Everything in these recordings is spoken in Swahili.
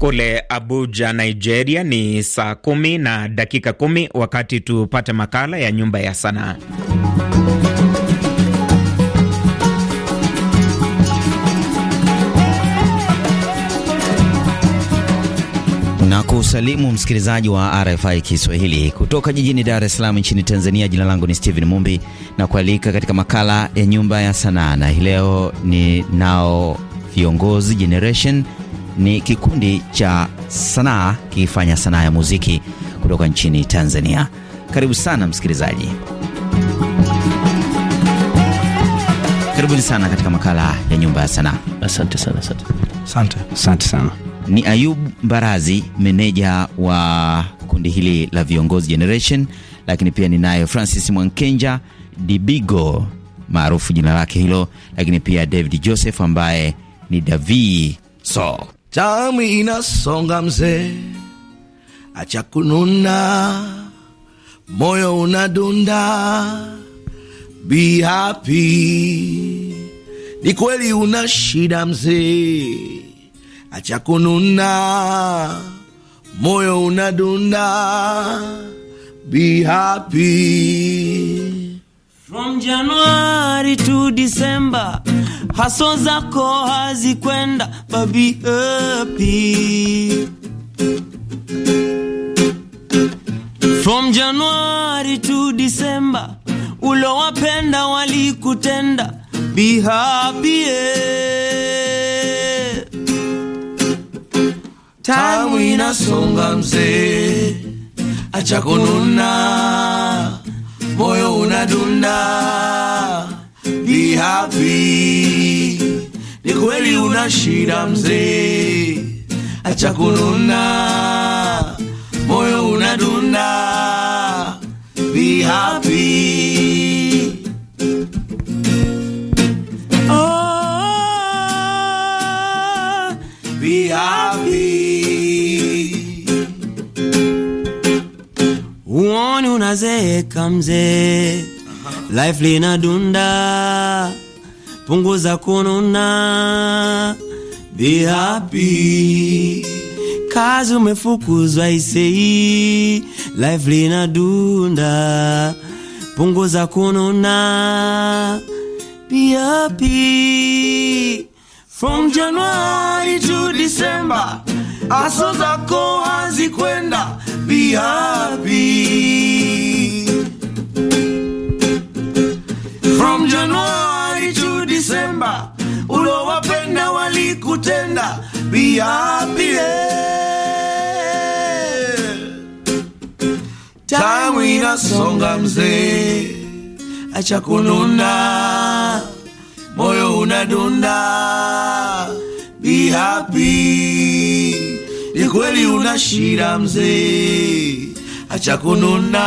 Kule Abuja, Nigeria ni saa kumi na dakika kumi wakati tupate makala ya nyumba ya sanaa. na kusalimu msikilizaji wa RFI Kiswahili kutoka jijini Dar es Salaam nchini Tanzania. Jina langu ni Steven Mumbi na kualika katika makala ya nyumba ya sanaa, na hii leo ni nao viongozi Generation ni kikundi cha sanaa kifanya sanaa ya muziki kutoka nchini Tanzania. Karibu sana msikilizaji, karibuni sana katika makala ya nyumba ya sanaa. Asante sana, asante. Asante. Asante sana. Ni Ayub Mbarazi, meneja wa kundi hili la Viongozi Generation, lakini pia ninayo Francis Mwankenja Dibigo maarufu jina lake hilo, lakini pia David Joseph ambaye ni Davi So. Tamu inasonga mzee, acha kununa, moyo unadunda, be happy. Ni kweli una shida mzee, acha kununa, moyo unadunda, be happy. From January to December haso zako hazikwenda babi happy. From January to December ulowapenda walikutenda be happy yeah. Tamu inasonga mzee, acha kununa, moyo unadunda happy. Ni kweli una shida mzee, acha moyo unadunda. Be happy. Oh, be happy. Uone unazeeka mzee Life lina dunda, punguza kununa, be happy. Kazi umefukuzwa isei, life lina dunda, punguza kununa, be happy. From January to December, aso zako hazikwenda, be happy. From January to December, ulowapenda walikutenda, be happy. Time inasonga mzee, acha kununa, moyo unadunda, be happy. Ni kweli una shida mzee, acha kununa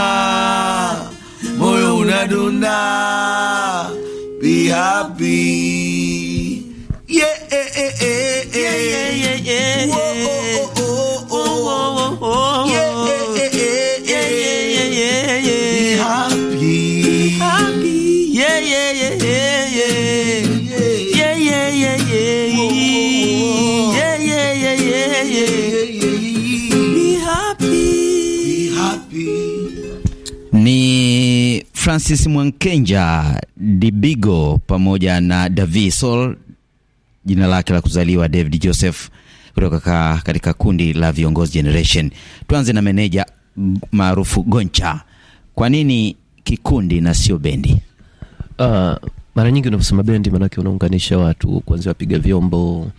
do not be happy. yeah, yeah, yeah, yeah, yeah. yeah. Francis Mwankenja Dibigo pamoja na Sol, jina lake la kuzaliwa David Joseph, kutoka katika kundi la Viongozi Generation. Tuanze na meneja maarufu Goncha. Kwa nini kikundi na sio bendi? Uh, mara nyingi unaposema bendi maanake unaunganisha watu kuanzia wapiga vyombo,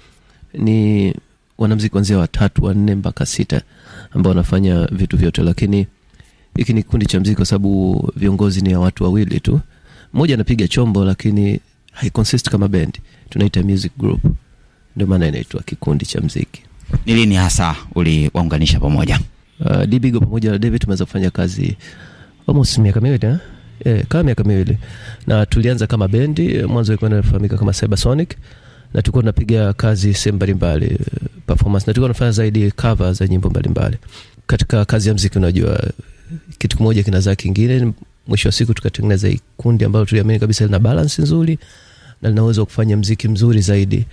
ni wanamziki kuanzia watatu wanne mpaka sita ambao wanafanya vitu vyote, lakini hiki ni kikundi cha mziki kwa sababu viongozi ni ya watu wawili tu, mmoja anapiga chombo, lakini haiconsist kama bendi, tunaita music group, ndio maana inaitwa kikundi cha mziki. Ni lini hasa uliwaunganisha pamoja? Uh, dbigo pamoja na David tumeweza kufanya kazi almost miaka miwili eh? Eh, kama miaka miwili na tulianza kama bendi. Eh, mwanzo ilikuwa inafahamika kama Cybersonic na tulikuwa tunapiga kazi sehemu mbalimbali eh, performance, na tulikuwa tunafanya zaidi cover za nyimbo mbalimbali katika kazi ya mziki. Unajua kitu kimoja kinazaa kingine. Mwisho wa siku tukatengeneza kundi ambalo tuliamini kabisa lina balansi nzuri na linaweza kufanya mziki mzuri zaidi,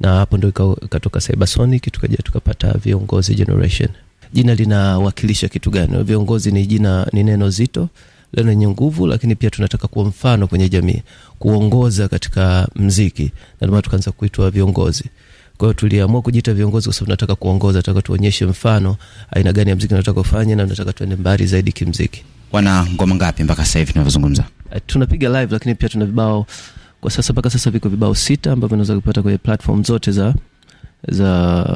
na hapo ndo ikatoka Cybersonic, tukaja tukapata Viongozi Generation. Jina linawakilisha kitu gani? Viongozi ni jina, ni neno zito lenye nguvu, lakini pia tunataka kuwa mfano kwenye jamii, kuongoza katika mziki, na tukaanza kuitwa Viongozi. Kwa hiyo tuliamua kujiita viongozi kwa sababu tunataka kuongoza, nataka tuonyeshe mfano aina gani ya mziki nataka kufanya, na nataka tuende mbali zaidi kimziki. Wana ngoma ngapi mpaka sasa hivi tunavyozungumza? Eh, tunapiga live lakini pia tuna vibao kwa sasa, mpaka sasa viko vibao sita ambavyo unaweza kupata kwenye platform zote za za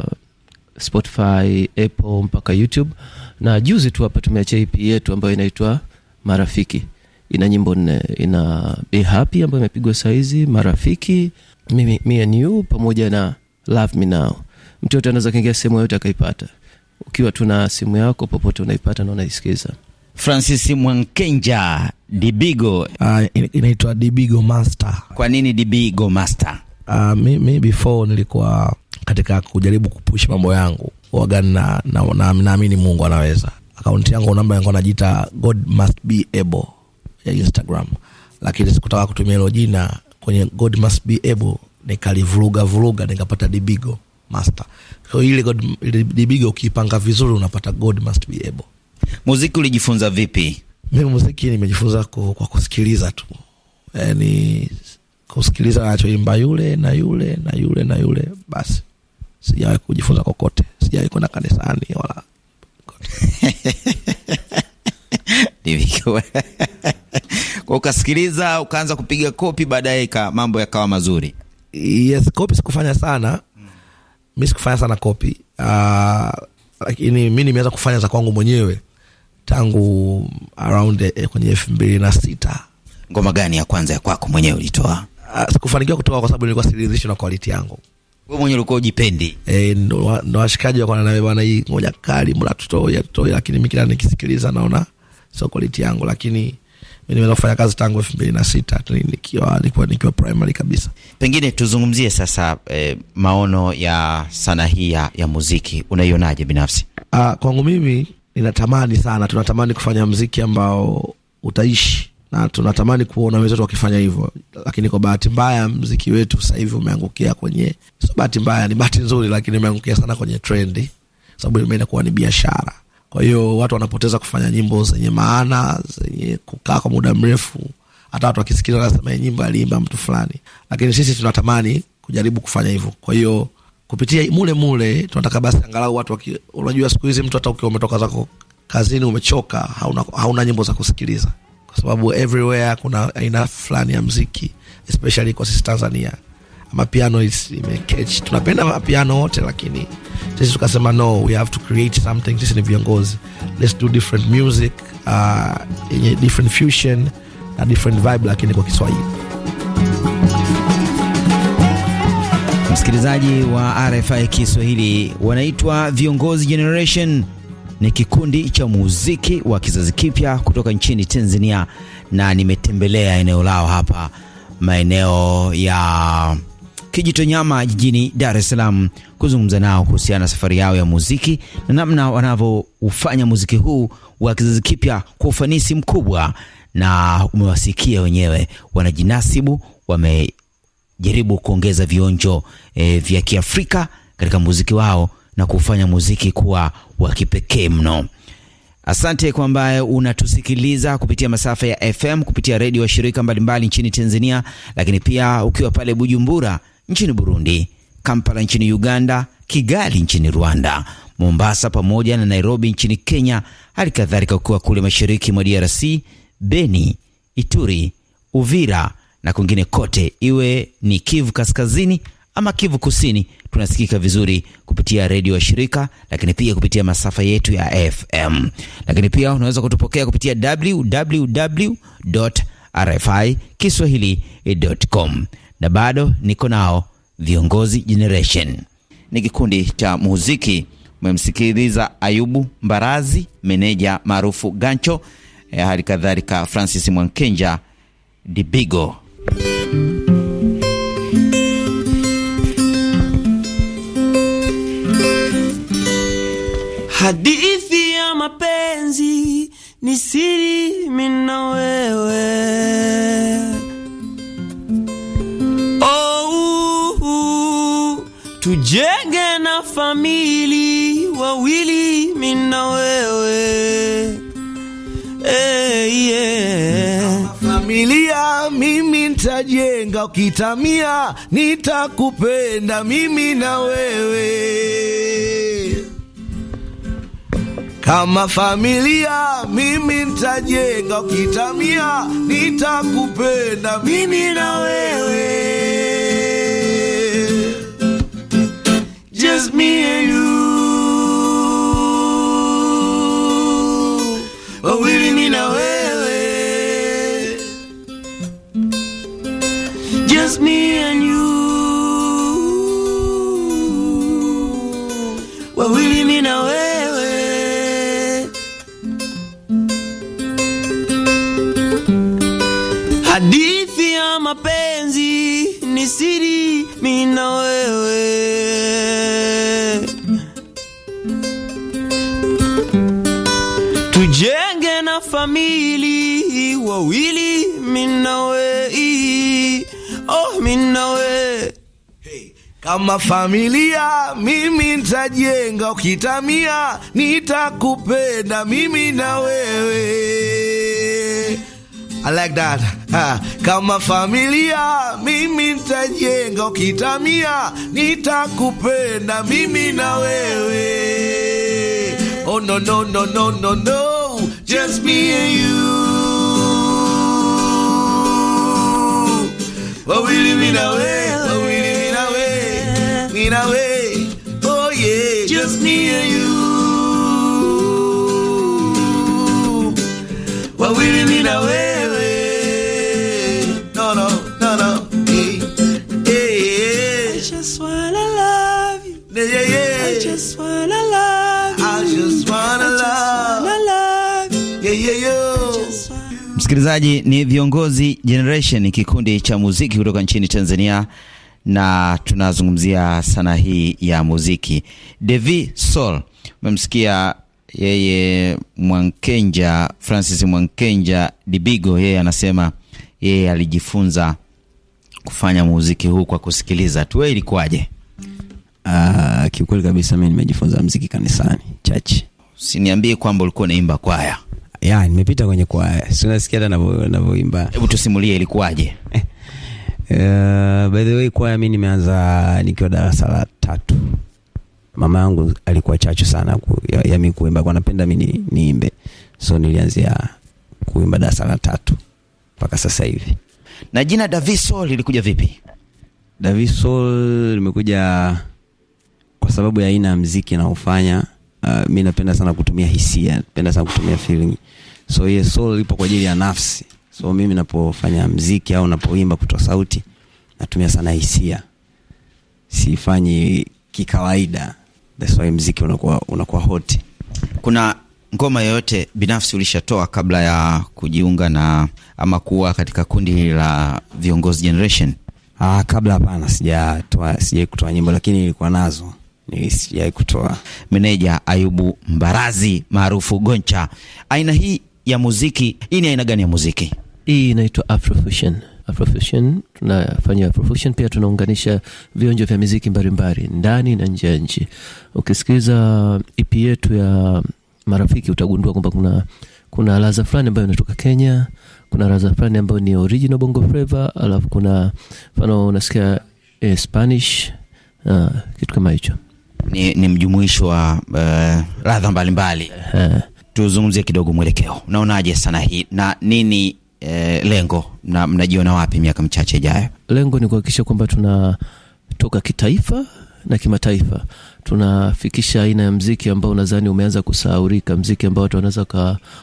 Spotify, Apple mpaka YouTube. Na juzi tu hapa tumeachia EP yetu ambayo inaitwa Marafiki, ina nyimbo nne, ina Be Happy ambayo imepigwa saizi, Marafiki, mimi, Me and You pamoja na love me now mtoto anaweza kaingia sehemu yoyote akaipata ukiwa tu na simu yako popote unaipata na unaisikiza francis mwankenja dibigo uh, inaitwa dibigo master kwa nini dibigo master uh, ah, mi, mi before nilikuwa katika kujaribu kupush mambo yangu wagani naamini na, na, na, mungu anaweza akaunti yangu namba yangu anajiita god must be able ya instagram lakini sikutaka kutumia hilo jina kwenye god must be able nikalivuruga vuruga nikapata dibigo master. So ile dibigo ukipanga vizuri unapata God must be able. Muziki ulijifunza vipi? Mimi muziki nimejifunza kwa, kusikiliza tu, yani kusikiliza anachoimba yule na yule na yule na yule basi. Sijawahi kujifunza kokote, sijawahi kwenda kanisani wala kwa ukasikiliza ukaanza kupiga kopi, baadaye mambo yakawa mazuri yes, kopi sikufanya sana mi sikufanya sana kopi uh, ah, lakini mi nimeweza kufanya za kwangu mwenyewe tangu around eh, kwenye elfu mbili na sita ngoma gani ya kwanza ya kwako mwenyewe ulitoa uh, sikufanikiwa kutoa kwa sababu nilikuwa siridhishwi na quality yangu we mwenyewe ulikuwa ujipendi e, eh, ndo no, washikaji wakona nawe bana hii ngoja kali mla tutoe tutoe lakini mi kila nikisikiliza naona sio quality yangu lakini nimeweza kufanya kazi tangu elfu mbili na sita nikiwa nikiwa nikiwa primary kabisa. Pengine tuzungumzie sasa eh, maono ya sanaa hii ya, ya muziki unaionaje binafsi? Ah, kwangu mimi ninatamani sana, tunatamani kufanya mziki ambao utaishi na tunatamani kuona wenzetu wakifanya hivyo, lakini kwa bahati mbaya mziki wetu sasa hivi umeangukia kwenye, sio bahati mbaya, ni bahati nzuri, lakini umeangukia sana kwenye trendi, sababu imeenda kuwa ni biashara kwa hiyo watu wanapoteza kufanya nyimbo zenye maana, zenye kukaa kwa muda mrefu. Hata watu wakisikiza wanasema eh, nyimbo aliimba mtu fulani, lakini sisi tunatamani kujaribu kufanya hivyo. Kwa hiyo kupitia mule mule tunataka basi angalau watu waki, unajua siku hizi mtu hata ukiwa umetoka zako kazini umechoka, hauna, hauna nyimbo za kusikiliza, kwa sababu everywhere kuna aina fulani ya mziki especially kwa sisi Tanzania mapiano imecatch. Tunapenda mapiano wote, lakini sisi tukasema no, we have to create something. Sisi ni viongozi, let's do different music uh, yenye uh, different fusion na different vibe, lakini kwa Kiswahili. Msikilizaji wa RFI Kiswahili, wanaitwa Viongozi Generation ni kikundi cha muziki wa kizazi kipya kutoka nchini Tanzania, na nimetembelea eneo lao hapa maeneo ya Kijitonyama jijini Dar es Salaam kuzungumza nao kuhusiana na safari yao ya muziki na namna wanavyofanya muziki huu wa kizazi kipya kwa ufanisi mkubwa, na umewasikia wenyewe, wanajinasibu, wamejaribu kuongeza vionjo e, vya Kiafrika katika muziki wao na kufanya muziki kuwa wa kipekee mno. Asante kwa ambaye unatusikiliza kupitia masafa ya FM kupitia redio wa shirika mbalimbali mbali nchini Tanzania, lakini pia ukiwa pale Bujumbura nchini Burundi, Kampala nchini Uganda, Kigali nchini Rwanda, Mombasa pamoja na Nairobi nchini Kenya, hali kadhalika ukiwa kule mashariki mwa DRC, Beni, Ituri, Uvira na kwingine kote, iwe ni Kivu kaskazini ama Kivu kusini, tunasikika vizuri kupitia redio wa shirika, lakini pia kupitia masafa yetu ya FM. Lakini pia unaweza kutupokea kupitia www rfi kiswahili.com na bado niko nao. Viongozi Generation ni kikundi cha muziki. Umemsikiliza Ayubu Mbarazi, meneja maarufu Gancho, eh, hali kadhalika Francis Mwankenja Dibigo. Hadithi ya mapenzi ni siri, mina wewe tujenge na famili wawili mina wewe hey, eh, yeah. Familia mimi nitajenga, ukitamia nitakupenda mimi na wewe kama familia mimi nitajenga, ukitamia nitakupenda mimi na wewe just me and you. But we didn't need no way, just me and you. but we didn't Kama familia mimi nitajenga, ukitamia nitakupenda mimi na wewe. I like that. Ha. Kama familia mimi nitajenga, ukitamia nitakupenda mimi na wewe. Oh no no no no no no, just me and you wawili mimi na wewe fading away. Oh yeah, just me and you. Well, we didn't mean away. Msikilizaji ni Viongozi Generation, kikundi cha muziki kutoka nchini Tanzania na tunazungumzia sana hii ya muziki. Devi Sol, umemsikia yeye Mwankenja, Francis Mwankenja Dibigo, yeye anasema yeye alijifunza kufanya muziki huu kwa kusikiliza tu. Wewe ilikuwaje? Uh, kiukweli kabisa mimi nimejifunza muziki kanisani church. Siniambie kwamba ulikuwa unaimba kwaya. Ya, nimepita kwenye kwaya. Si unasikia hata ninavyoimba. Hebu tusimulie ilikuwaje? Uh, by the way kwaya mi nimeanza nikiwa darasa la tatu. Mama yangu alikuwa chachu sana ku, ya, ya mi kuimba kwa napenda mi ni, so nilianzia kuimba darasa la tatu mpaka sasa hivi. Na jina Soul lilikuja vipi? Soul limekuja kwa sababu ya aina ya mziki naofanya. Uh, ah, mi napenda sana kutumia hisia, napenda sana kutumia feeling, so hiyo soul lipo kwa ajili ya nafsi So mimi napofanya mziki au napoimba kutoa sauti natumia sana hisia, sifanyi kikawaida. That's why mziki unakuwa, unakuwa hot. Kuna ngoma yoyote binafsi ulishatoa kabla ya kujiunga na ama kuwa katika kundi la Viongozi Generation? Ah, kabla hapana, sijatoa sijai kutoa nyimbo, lakini nilikuwa nazo sijai kutoa. Meneja Ayubu Mbarazi maarufu Goncha, aina hii ya muziki hii ni aina gani ya muziki? Hii inaitwa Afrofusion. Afrofusion tunafanya Afrofusion, pia tunaunganisha vionjo vya miziki mbalimbali ndani na nje ya nchi. Ukisikiza EP yetu ya Marafiki utagundua kwamba kuna kuna laza fulani ambayo inatoka Kenya, kuna laza fulani ambayo ni original bongo flava, alafu kuna mfano unasikia eh, Spanish uh, kitu kama hicho. Ni, ni mjumuisho wa uh, eh, ladha mbalimbali. Eh. Tuzungumzie kidogo mwelekeo, unaonaje sana hii na nini e, lengo na mnajiona wapi miaka michache ijayo? Lengo ni kuhakikisha kwamba tunatoka kitaifa na kimataifa, tunafikisha aina ya mziki ambao nadhani umeanza kusahaurika, mziki ambao watu wanaweza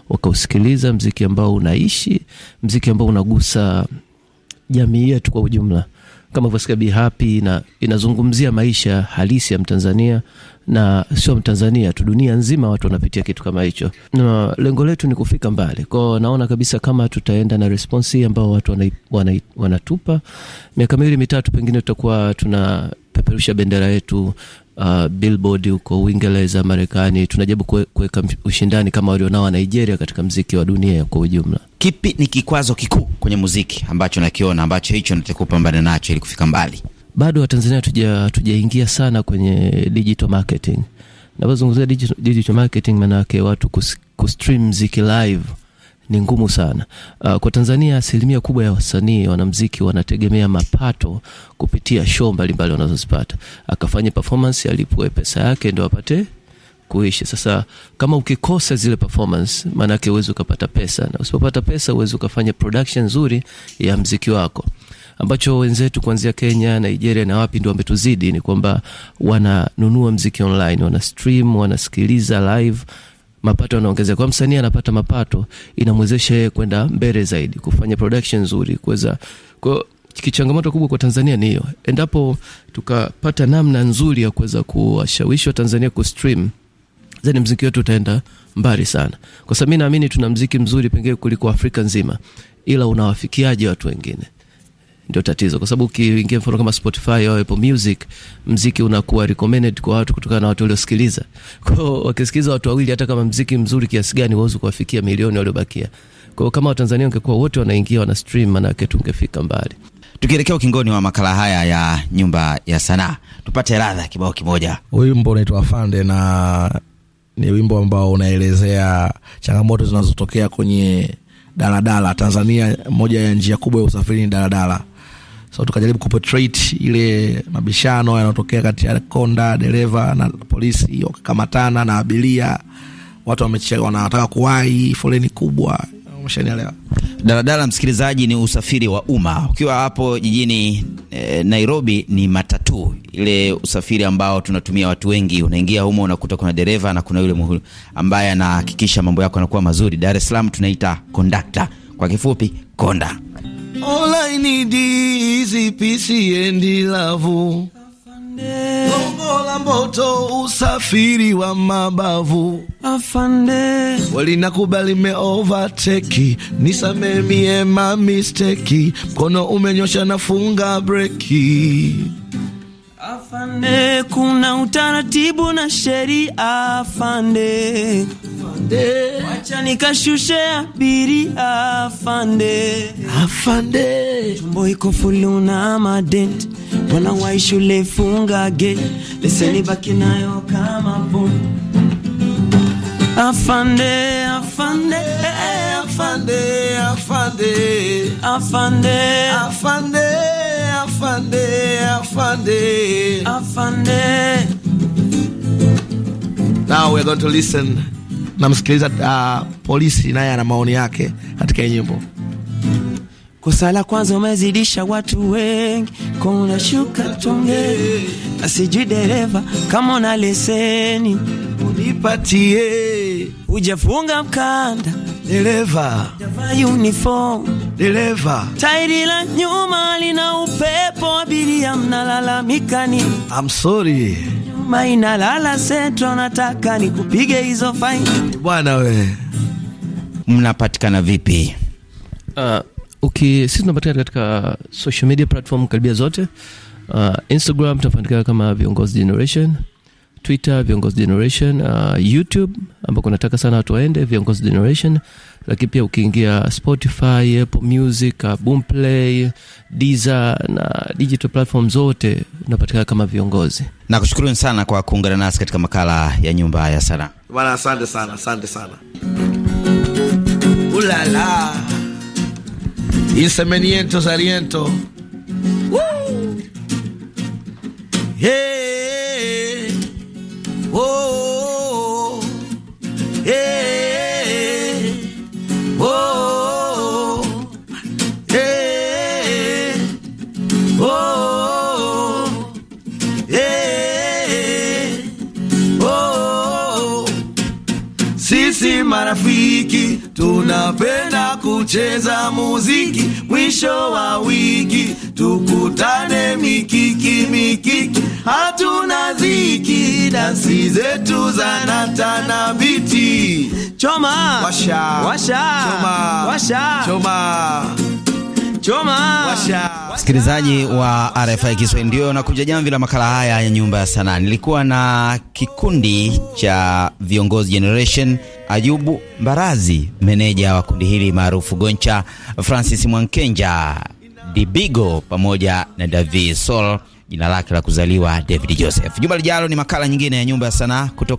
wakausikiliza, mziki ambao unaishi, mziki ambao unagusa jamii yetu kwa ujumla kama Vasika Be Happy na inazungumzia maisha halisi ya Mtanzania na sio Mtanzania tu, dunia nzima watu wanapitia kitu kama hicho, na lengo letu ni kufika mbali kwao. Naona kabisa kama tutaenda na responsi ambao watu wanai, wanai, wanatupa miaka miwili mitatu, pengine tutakuwa tunapeperusha bendera yetu uh, Billboard huko Uingereza, Marekani, tunajaribu kuweka ushindani kama walionao wa Nigeria katika mziki wa dunia kwa ujumla. Kipi ni kikwazo kikuu kwenye muziki ambacho nakiona ambacho hicho natakupambana nacho ili kufika mbali? Bado Watanzania hatujaingia sana kwenye digital marketing. Napozungumzia digital, digital marketing, maana watu watu kustream mziki live ni ngumu sana. Uh, kwa Tanzania asilimia kubwa ya wasanii wanamziki wanategemea mapato kupitia show mbalimbali wanazozipata, akafanya performance, alipwe pesa yake ndio apate kuishi. Sasa kama ukikosa zile performance, maana yake ukapata pesa, na usipopata pesa uweze ukafanya production nzuri ya mziki wako ambacho wenzetu kuanzia Kenya, Nigeria na wapi ndio wametuzidi, ni kwamba wananunua mziki online, wana stream, wanasikiliza live mapato yanaongezeka. Kwa msanii anapata mapato, inamwezesha yeye kwenda mbele zaidi, kufanya production nzuri, kuweza kwa kichangamoto kubwa kwa Tanzania ni hiyo. Endapo tukapata namna nzuri ya kuweza kuwashawishi Watanzania stream zani mziki wetu utaenda mbali sana, kwa sababu mi naamini tuna mziki mzuri pengine kuliko Afrika nzima, ila unawafikiaje watu wengine? ndio tatizo, kwa sababu ukiingia mfano kama Spotify au Apple Music, mziki unakuwa recommended kwa watu kutokana na watu waliosikiliza. Kwa hiyo wakisikiliza watu wawili, hata kama mziki mzuri kiasi gani, wawezi kuwafikia milioni waliobakia. Kwa hiyo kama Watanzania wangekuwa wote wanaingia wana stream, maana yake tungefika mbali. Tukielekea ukingoni wa makala haya ya Nyumba ya Sanaa, tupate ladha kibao kimoja. Wimbo unaitwa Afande na ni wimbo ambao unaelezea changamoto zinazotokea kwenye daladala Tanzania. Moja ya njia kubwa ya usafiri ni daladala so tukajaribu kuportrait ile mabishano yanayotokea kati ya konda dereva na polisi, wakakamatana na abiria, watu wamechelewa, wanataka kuwahi, foleni kubwa Umeshanielewa. Daladala, msikilizaji, ni usafiri wa umma. Ukiwa hapo jijini e, Nairobi ni matatu, ile usafiri ambao tunatumia watu wengi. Unaingia humo unakuta kuna dereva na kuna yule muhuri ambaye anahakikisha mambo yako yanakuwa mazuri. Dar es Salaam tunaita kondakta, kwa kifupi konda. All I need lipi siendi lavu, gongo la moto, usafiri wa mabavu afande, walinakubali me overtake, nisamee mie ma mistake, mkono umenyosha nafunga breki Afande, kuna utaratibu na sheria afande, wacha nikashushe abiria afande, afande, chombo iko fuluna madent mwana wai shule funga gate, leseni baki nayo kama afande, afande, afande, afande, afande, afande, afande. afande afande afande now we're going to listen namsikiliza uh, polisi naye ana maoni yake katika nyimbo kosa la kwanza umezidisha watu wengi kuna shuka tonge asijui dereva kama una leseni unipatie ujafunga mkanda dereva javaa uniform dereva, tairi la nyuma lina upepo, abiria mnalalamikani. I'm sorry, nyuma inalala setro, nataka nikupige hizo faini bwana. We mnapatikana vipi? Uh, okay, sisi tunapatikana katika social media platform karibia zote. Uh, Instagram tunapatikana kama Viongozi Generation, Twitter Viongozi Generation, uh, YouTube ambako nataka sana watu waende Viongozi Generation lakini pia ukiingia Spotify, Apple Music, Boomplay, Deezer na digital platform zote unapatikana kama Viongozi. Na sana kwa kuungana nasi katika makala ya Nyumba ya Sanaa bwana. Asante sana, asante sana. Ulala insemeniento saliento. Woo! Hey! marafiki tunapenda kucheza muziki, mwisho wa wiki tukutane mikiki mikiki, hatuna ziki, dansi zetu za nata na biti. Choma washa washa choma washa choma Choma. Msikilizaji wa RFI Kiswahili, ndio nakuja jamvi la makala haya ya nyumba ya sanaa. Nilikuwa na kikundi cha viongozi Generation, Ayubu Mbarazi, meneja wa kundi hili maarufu Goncha, Francis Mwankenja, Dibigo pamoja na Davi Sol, jina lake la kuzaliwa David Joseph. Juma lijalo ni makala nyingine ya nyumba ya sanaa kutoka